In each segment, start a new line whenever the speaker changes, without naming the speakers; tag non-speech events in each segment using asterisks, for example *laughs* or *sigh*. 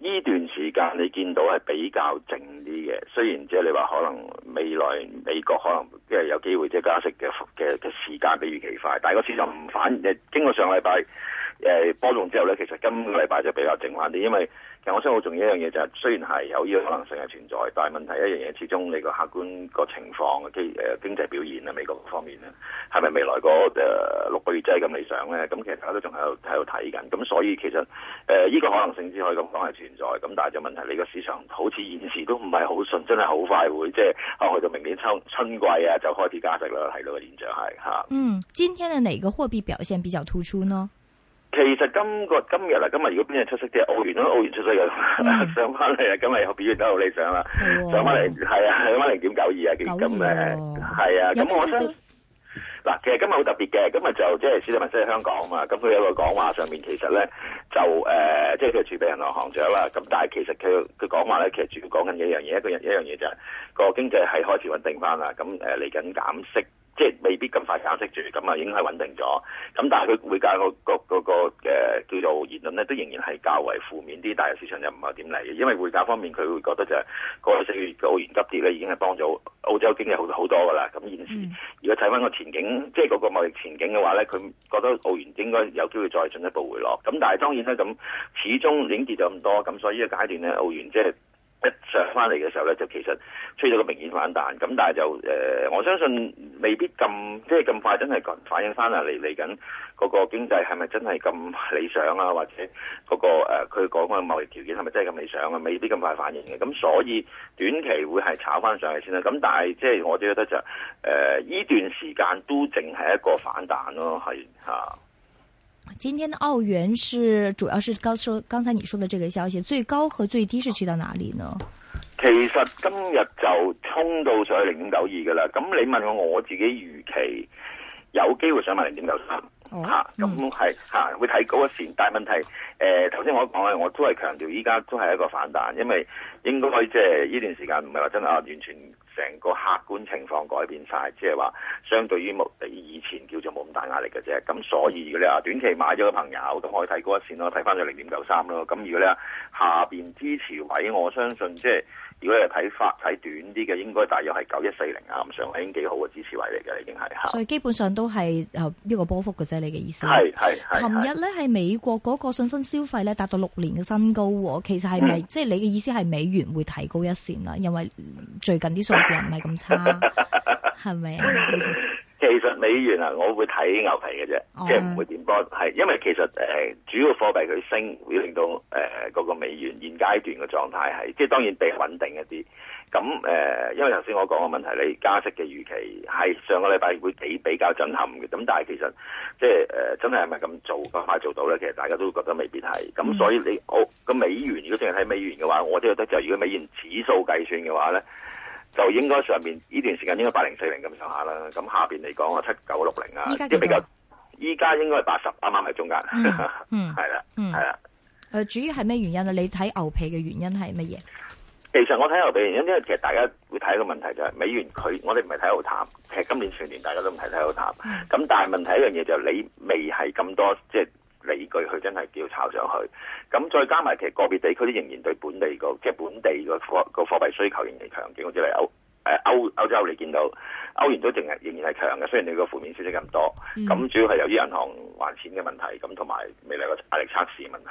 呢段時間你見到係比較靜啲嘅，雖然即係你話可能未來美國可能即係有機會即係加息嘅嘅時間比預期快，但係個市場唔反應。誒經過上禮拜誒波動之後呢，其實今個禮拜就比較靜翻啲，因為，我想好重要一樣嘢就係，雖然係有呢個可能性係存在，但係問題一樣嘢，始終你個客觀個情況即係誒經濟表現啊，美國方面咧，係咪未來嗰誒六個月真係咁理想咧？咁其實大家都仲喺度喺度睇緊，咁所以其實誒呢個可能性只可以咁講係存在，咁但係就問題你個市場好似現時都唔係好順，真係好快會即係去到明年春春季啊就開始價值啦，係到個現象係吓。嗯，
今天嘅哪個貨幣表現比較突出呢？
其實今個今日啊，今日如果邊日出色啲啊？澳元都澳元出色嘅，嗯、上翻嚟啦，今日表現得好理想啦，嗯、上翻嚟係啊，上翻零點九二啊，九點誒，係啊，咁我想嗱，其實今日好特別嘅，今日就即係史徒文生喺香港啊嘛，咁佢有個講話上面，其實咧就誒、是，即係佢儲備銀行行長啦，咁但係其實佢佢講話咧，其實主要講緊嘅一樣嘢，一個人一樣嘢就係個經濟係開始穩定翻啦，咁誒嚟緊減息。即係未必咁快減息住，咁啊已經係穩定咗。咁但係佢匯價個、嗰個、嗰個叫做言論咧，都仍然係較為負面啲。但係市場又唔係點嚟嘅，因為匯價方面佢會覺得就係個四月嘅澳元急跌咧，已經係幫咗澳洲經濟好好多噶啦。咁現時、嗯、如果睇翻個前景，即係嗰個貿易前景嘅話咧，佢覺得澳元應該有機會再進一步回落。咁但係當然咧，咁始終已經跌咗咁多，咁所以呢個階段咧，澳元即係一上翻嚟嘅時候咧，就其實出咗個明顯反彈。咁但係就誒、呃，我相信。未必咁即係咁快，真係反映翻啊！嚟嚟緊嗰個經濟係咪真係咁理想啊？或者、嗰個誒，佢講嘅貿易條件係咪真係咁理想啊？未必咁快反映嘅，咁、嗯、所以短期會係炒翻上去先啦。咁但係即係我覺得就誒、呢、呃、段時間都淨係一個反彈咯，係吓。啊、
今天的澳元是主要是剛說剛才你說的這個消息，最高和最低是去到哪裡呢？
其實今日就衝到上去零點九二噶啦，咁你問我，我自己預期有機會上翻零點九三，吓，咁係吓會睇高一線，但係問題誒，頭先、呃、我講嘅，我都係強調依家，都係一個反彈，因為應該可以即係呢段時間唔係話真係好完全。成個客觀情況改變晒，即係話相對於冇以前叫做冇咁大壓力嘅啫。咁所以如果你話，短期買咗嘅朋友都可以睇嗰一線咯，睇翻咗零點九三咯。咁如果你話下邊支持位，我相信即係。如果係睇法睇短啲嘅，應該大約係九一四零啊，咁上已經幾好嘅支持位嚟嘅，已經係嚇。所以
基本上都係啊呢個波幅嘅啫，你嘅意思。係係係。琴日咧係美國嗰個信心消費咧達到六年嘅新高喎，其實係咪、嗯、即係你嘅意思係美元會提高一線啦、啊？因為最近啲數字唔係
咁差，係咪、 *laughs* 啊？ *laughs* *laughs* 其實美元啊，我會睇牛皮嘅啫，oh. 即係唔會點波。係因為其實誒、呃，主要貨幣佢升，會令到誒嗰個美元現階段嘅狀態係，即係當然比穩定一啲。咁誒、呃，因為頭先我講個問題，你加息嘅預期係上個禮拜會幾比較震撼嘅。咁但係其實即係誒、呃，真係係咪咁做快快做到咧？其實大家都覺得未必係。咁、mm. 所以你好個美元，如果淨係睇美元嘅話，我都覺得就係、如果美元指數計算嘅話咧。就應該上面，呢段時間應該八零四零咁上下啦，咁下邊嚟講啊，七九六零啊，都比較依家應該係八十啱啱喺中間，係啦，係啦。
誒，主要係咩原因啊？你睇牛皮嘅原因係乜嘢？
其實我睇牛皮原因，因為其實大家會睇一個問題就係、是，美元佢，我哋唔係睇好淡，其實今年全年大家都唔係睇好淡，咁、嗯、但係問題一樣嘢就係、是，你未係咁多，即係。理據佢真係叫炒上去，咁再加埋其實個別地區都仍然對本地個即係本地個貨個貨幣需求仍然強勁，好似嚟歐誒歐歐洲你見到歐元都仍然仍然係強嘅，雖然你個負面消息咁多，咁主要係由於銀行還錢嘅問題，咁同埋未來個壓力測試問題，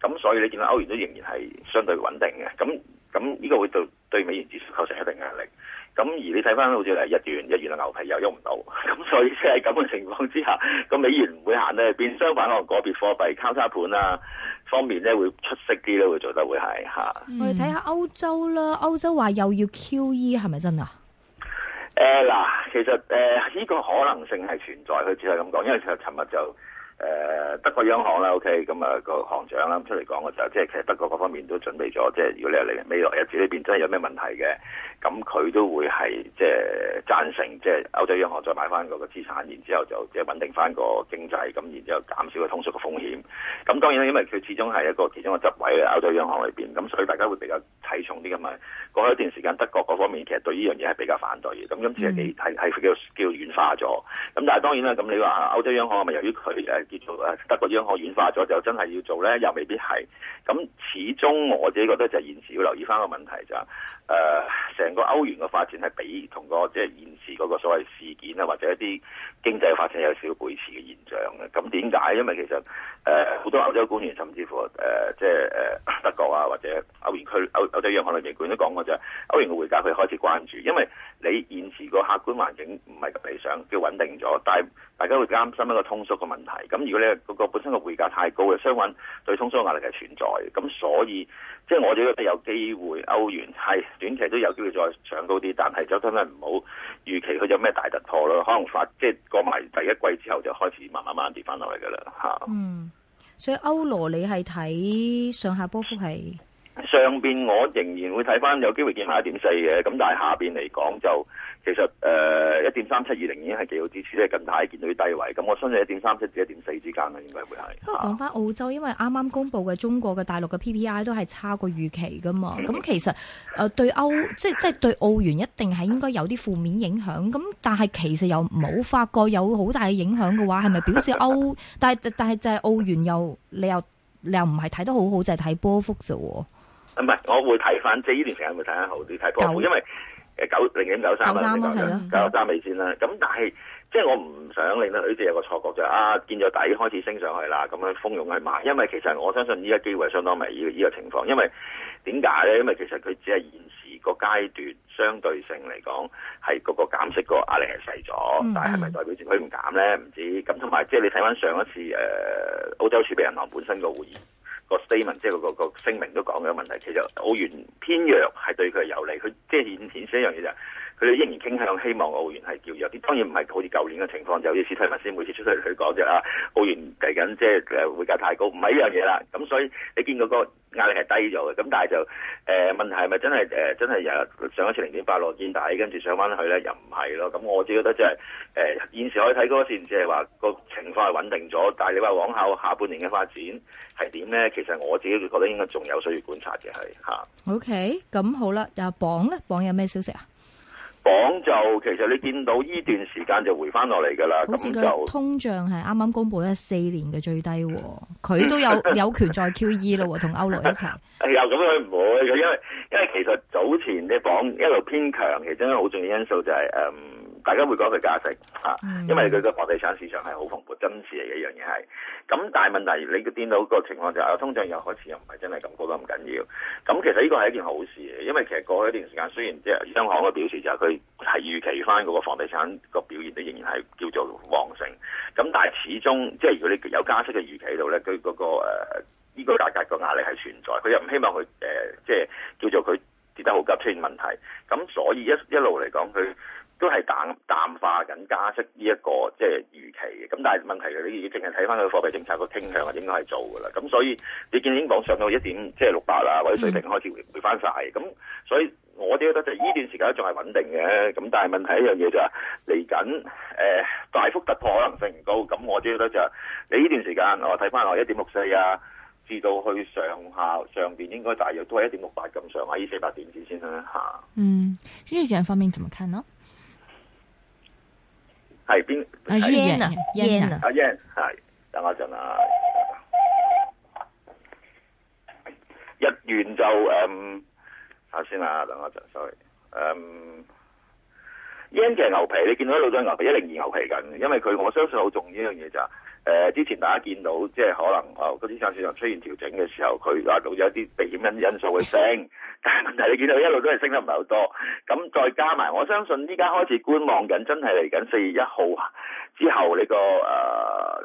咁所以你見到歐元都仍然係相對穩定嘅，咁咁呢個會對對美元指數構成一定壓力。咁而你睇翻好似嚟日元日元啊牛皮又喐唔到，咁所以即係咁嘅情況之下，咁美元唔會行咧，變相反，個個別貨幣交叉盤啊方面咧會出色啲咧，會做得會係嚇。我哋睇下
歐洲啦，歐洲話又要 QE 係咪真啊？
誒嗱、嗯，其實誒依、呃呢個可能性係存在，佢只係咁講，因為其實尋日就。誒 *music* 德國央行啦，OK，咁啊個行長啦出嚟講嘅時候，即係其實德國各方面都準備咗，即係如果你係嚟未來日子呢邊真係有咩問題嘅，咁佢都會係即係贊成，即係歐洲央行再買翻嗰個資產，然之後就即係穩定翻個經濟，咁然之後減少個通縮嘅風險。咁當然咧，因為佢始終係一個其中嘅執位喺歐洲央行裏邊，咁所以大家會比較睇重啲咁嘛。過一段時間，德國嗰方面其實對呢樣嘢係比較反對嘅，咁今次係幾係係叫叫軟化咗。咁但係當然啦，咁你話歐洲央行係咪由於佢誒？做誒德國央行軟化咗，就真係要做咧，又未必係。咁始終我自己覺得就係現時要留意翻個問題就係誒成個歐元嘅發展係比同個即係、就是、現時嗰個所謂事件啊或者一啲經濟發展有少少背馳嘅現象嘅。咁點解？因為其實誒好、呃、多歐洲官員甚至乎誒即係誒德國。歐元區歐歐洲央行裏面官都講過就係歐元嘅匯價佢開始關注，因為你現時個客觀環境唔係咁理想，叫穩定咗。但係大家會擔心一個通縮嘅問題。咁如果你嗰個本身個匯價太高嘅，相反對通縮壓力係存在嘅。咁所以即係我就覺得有機會歐元係短期都有機會再上高啲，但係就真係唔好預期佢有咩大突破咯。可能發即係過埋第一季之後就開始慢慢慢慢跌翻落嚟㗎啦嚇。嗯，
所以歐羅你係睇上下波幅係？
上邊我仍然會睇翻有機會見下一點四嘅咁，但係下邊嚟講就其實誒一點三七二零已經係幾好支持，咧近排見到啲低位咁，我相信一點三七至一點四之間嘅應該會係。不過
講翻澳洲，因為啱啱公布嘅中國嘅大陸嘅 PPI 都係差過預期㗎嘛，咁 *laughs* 其實誒、呃、對歐即係即係對澳元一定係應該有啲負面影響。咁但係其實又冇發覺有好大嘅影響嘅話，係咪表示歐？ *laughs* 但係但係就係澳元又你又你又唔係睇得好好，就係睇波幅啫喎。
唔係，我會睇翻即係呢段時間會睇下好啲，睇港股，因為誒九零九三月份嗰九三尾先啦。咁但係即係我唔想令到你哋有個錯覺就啊，見咗底開始升上去啦，咁樣蜂擁去買。因為其實我相信依家機會係相當微依個個情況，因為點解咧？因為其實佢只係現時個階段相對性嚟講係嗰個減息個壓力係細咗，嗯、但係係咪代表住佢唔減咧？唔知。咁同埋即係你睇翻上一次誒歐、呃、洲儲備銀行本身個會議。個 statement 即係個個個聲明都講嘅問題，其實澳元偏弱係對佢有利，佢即係係顯示一樣嘢就係、是。佢依然傾向希望澳元係叫弱啲，當然唔係好似舊年嘅情況。就好似史泰文先每次出出嚟佢講啫啊，澳元計緊即係誒匯價太高，唔係呢樣嘢啦。咁所以你見到個壓力係低咗嘅，咁但係就誒、呃、問題係咪真係誒、呃、真係有上一次零點八落見底，但跟住上翻去咧又唔係咯？咁我自己覺得即係誒現時可以睇嗰線，即係話個情況係穩定咗。但係你話往後下半年嘅發展係點咧？其實我自己覺得應該仲有需要觀察嘅係嚇。
O K，咁好啦，又鎊咧，鎊有咩消息啊？
港就其實你見到依段時間就回翻落嚟㗎啦，好似佢
通脹係啱啱公佈咗四年嘅最低喎，佢、嗯、都有 *laughs* 有權再 QE 咯，同 *laughs* 歐羅一齊。又咁
佢唔會，因為因為其實早前啲港一路偏強，其中一個好重要因素就係、是、誒。Um, 大家會講佢加息，嚇的，因為佢個房地產市場係好蓬勃，真市嚟嘅一樣嘢係。咁但係問題，你個電腦個情況就係通脹又開始又唔係真係咁覺得咁緊要。咁其實呢個係一件好事，因為其實過去一段時間雖然即係央行嘅表示就係佢係預期翻嗰個房地產個表現都仍然係叫做旺盛。咁但係始終即係如果你有加息嘅預期喺度咧，佢嗰、嗰個呢、呃呢個價格個壓力係存在。佢又唔希望佢誒即係叫做佢跌得好急出現問題。咁所以一一路嚟講，佢都係打。加息呢一個即係預期嘅，咁但係問題就係你淨係睇翻佢貨幣政策個傾向應該係做噶啦，咁所以你見英鎊上到一點即係六百啦，或者水平開始回回翻晒，咁所以我哋覺得就呢段時間仲係穩定嘅，咁但係問題一樣嘢就係嚟緊誒大幅突破可能性唔高，咁我哋覺得就你呢段時間我睇翻我一點六四啊，至到去上下上邊應該大約都係一點六八咁上下呢四百點子先啦吓。嗯，
日元方面怎麼睇呢？
係邊？阿 Ian 啊阿 y a n 係，等我陣啊。入完就嗯，頭先啊，等我陣，sorry，嗯、um, y a n 嘅牛皮，你見到啲老張牛皮，一零二牛皮緊，因為佢我相信好重要一樣嘢就。誒、呃，之前大家見到即係可能哦，嗰、呃、啲上市場出現調整嘅時候，佢話到有啲避險因因素會升，但係問題你見到一路都係升得唔係好多，咁再加埋，我相信依家開始觀望緊，真係嚟緊四月一號。之後呢個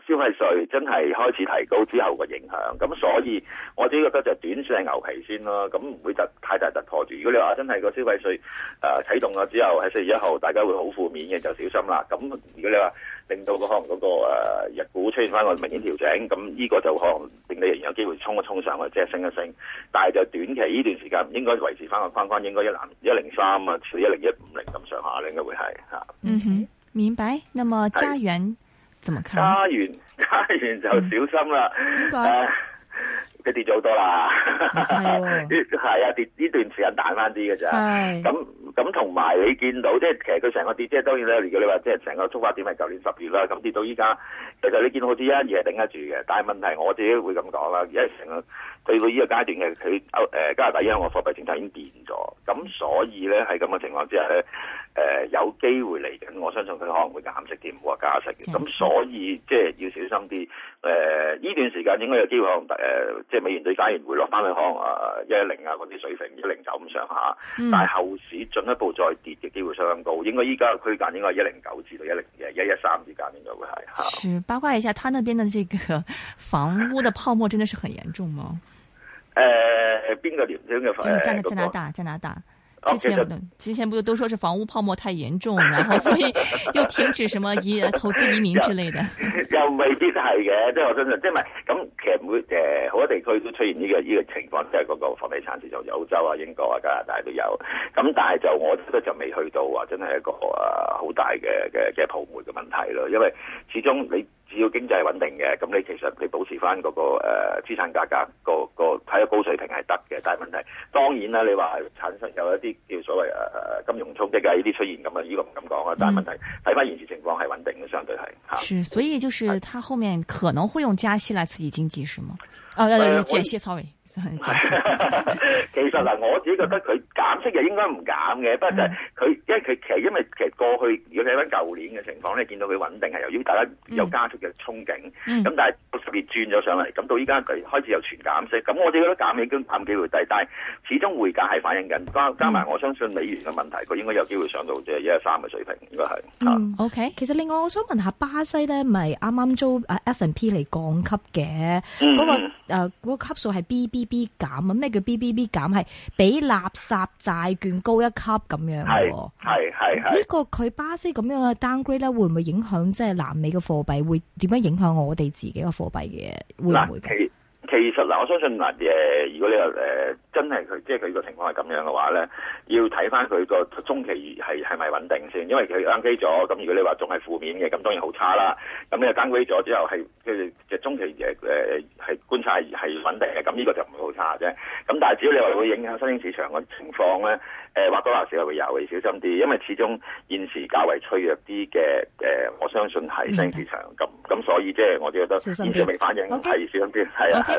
誒消費稅真係開始提高之後嘅影響，咁所以我只覺得就短線牛皮先咯、啊，咁唔會突太大突破住。如果你話真係個消費稅誒啟動咗之後喺四月一號，大家會好負面嘅就小心啦。咁如果你話令到、嗰個可能嗰、嗰個誒、呃、日股出現翻個明顯調整，咁呢個就可能令你仍有機會衝一衝上去，即係升一升。但係就短期呢段時間應該維持翻個框框，應該一零一零三啊，似一零一五零咁上下咧，應該會係吓。嗯哼。
明白，那麼加元
怎麼看家？加元，加元就小心啦。佢、嗯啊、跌咗好多啦，係啊，啊，啊，跌呢段時間彈翻啲嘅咋。咁咁同埋你見到，即係其實佢成個跌，即係當然啦。如果你話即係成個觸發點係舊年十月啦，咁跌到依家，其實你見到好似一樣嘢係頂得住嘅。但係問題我自己會咁講啦，而家成個。佢到呢個階段嘅佢歐加拿大因央我貨幣政策已經變咗，咁所以咧喺咁嘅情況之下咧，誒、呃、有機會嚟緊，我相信佢可能會減息唔冇話加息嘅。咁直所以即係要小心啲。誒、呃、呢段時間應該有機會誒、呃，即係美元對加元回落翻去、嗯、可能啊一零啊嗰啲水平一零九咁上下，但係後市進一步再跌嘅機會相當高。應該依家嘅區間應該係一零九至到一零誒一一三之間應該會係嚇。
是八卦一下，他那邊嘅這個房屋嘅泡沫真的是很嚴重嗎？
誒，邊、呃、個年邊嘅？份？即係加拿加拿大說加拿大，之前、
哦、之前不都都說是房屋泡沫太嚴重，然後所以又停止什麼移投資移民之類
嘅。 *laughs* 又未必係嘅，即係我相信，即係係咁，其實每誒、呃、好多地區都出現呢、這個呢、這個情況，即係嗰個房地產市場，澳洲啊、英國啊、加拿大都有，咁但係就我覺得就未去到話真係一個啊好大嘅嘅嘅泡沫嘅問題咯，因為始終你。只要經濟穩定嘅，咁你其實你保持翻嗰個誒資產價格個個喺一個高水平係得嘅。但係問題當然啦，你話係產生有一啲叫所謂誒誒金融衝擊啊，呢啲出現咁啊，呢、呢個唔敢講啊，但係問題睇翻、嗯、現時情況係穩定嘅，相對係吓。
所以就係佢後面可能會用加息來刺激經濟，是嗎？哦、嗯，減息
操野。 *laughs* 其實嗱，我自己覺得佢減息就應該唔減嘅，不過就佢因為佢其實因為其實過去如果睇翻舊年嘅情況咧，你見到佢穩定係由於大家有加息嘅憧憬，咁、嗯嗯、但係十月轉咗上嚟，咁到依家佢開始有全減息，咁我哋覺得減已經減幾好低，但係始終匯價係反映緊，加加埋我相信美元嘅問題，佢應該有機會上到即係一三嘅水平，應該係。嗯、
o、okay. k 其實另外我想問下巴西咧，咪啱啱做 S n P 嚟降級嘅，嗰、那個誒嗰、呃那個級數係 B B。BB 減啊？咩叫 B B B 減？係比垃圾債券高一級咁樣嘅，係
係係。呢
個佢巴西咁樣嘅 downgrade 咧，會唔會影響即係南美嘅貨幣？會點樣影響我哋自己嘅貨幣嘅？
會唔會？其實嗱，我相信嗱，誒、呃，如果你話誒、呃、真係佢，即係佢個情況係咁樣嘅話咧，要睇翻佢個中期係係咪穩定先，因為佢 downgrade 咗，咁如果你話仲係負面嘅，咁當然好差啦。咁你 downgrade 咗之後係即係即係中期嘅誒係觀察係穩定嘅，咁呢個就唔會好差啫。咁但係只要你話會影響新興市場嘅情況咧，誒、呃、或多或少係會有，你小心啲，因為始終現時較為脆弱啲嘅誒，我相信係新興市場咁，咁、嗯、所以即係我都覺得市場未反應，係小心啲，係啊。